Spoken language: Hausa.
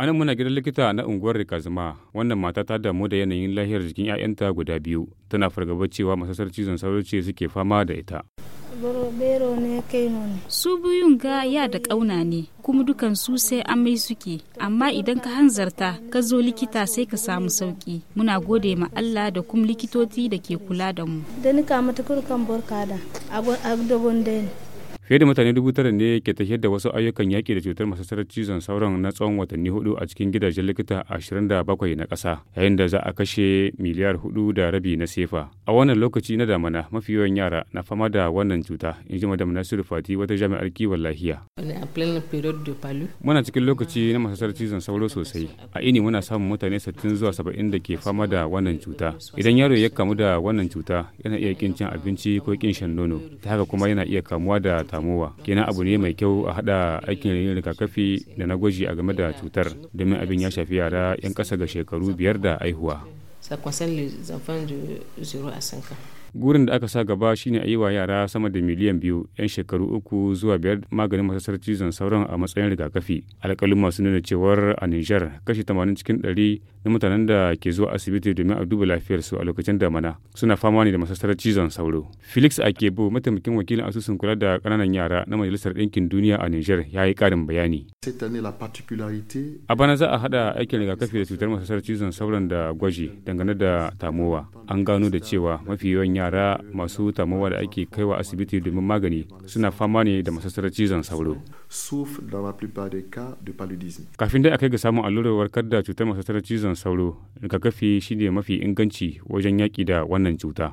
anan muna gidan likita na unguwar rikazuma wannan mata ta damu da yanayin lahiyar jikin 'ya'yanta guda biyu tana fargaba cewa masasar cizon sauro ce suke fama da ita su biyun ga ya da ƙauna ne kuma dukan su sai amai suke amma idan ka hanzarta ka zo likita sai ka samu sauki muna gode ma Allah da kuma likitoti da ke kula da mu da Fiye da mutane dubu tara ne ke tafiyar da wasu ayyukan yaƙi da cutar masasarar cizon sauron na tsawon watanni hudu a cikin gidajen likita ashirin da bakwai na ƙasa, yayin da za a kashe miliyar hudu da rabi na sefa. A wannan lokaci na damana mafi yawan yara na fama da wannan cuta, in ji Madam Nasiru Fati wata jami'ar kiwon lafiya. Muna cikin lokaci na masasarar cizon sauro sosai. A ini muna samun mutane sittin zuwa saba'in da ke fama da wannan cuta. Idan yaro ya kamu da wannan cuta yana iya kin cin abinci ko kin shan nono, ta haka kuma yana iya kamuwa da kamuwa kenan abu ne mai kyau a haɗa aikin rigakafi da na gwaji a game da cutar domin abin ya shafi yara 'yan ƙasa ga shekaru biyar da aihuwa. gurin da aka sa gaba shine a yi wa yara sama da miliyan biyu 'yan shekaru uku zuwa biyar maganin masasar cizon sauran a matsayin rigakafi alƙalin masu nuna cewar a niger kashi tamanin cikin 100 na mutanen da ke zuwa asibiti domin a duba lafiyarsu a lokacin damana suna fama ne da masasar cizon sauro felix akebo mataimakin wakilin asusun kula da ƙananan yara na majalisar ɗinkin duniya a niger ya yi ƙarin bayani a bana za a haɗa aikin rigakafi da cutar masasar cizon sauron da gwaji dangane da tamowa an gano da cewa mafi yawan yara masu tamuwa da ake kaiwa asibiti domin magani suna fama ne da masassarar cizon sauro. Kafin dai a kai ga samun allurar warkar da cutar masassarar cizon sauro, rigakafi shine mafi inganci wajen yaƙi da wannan cuta.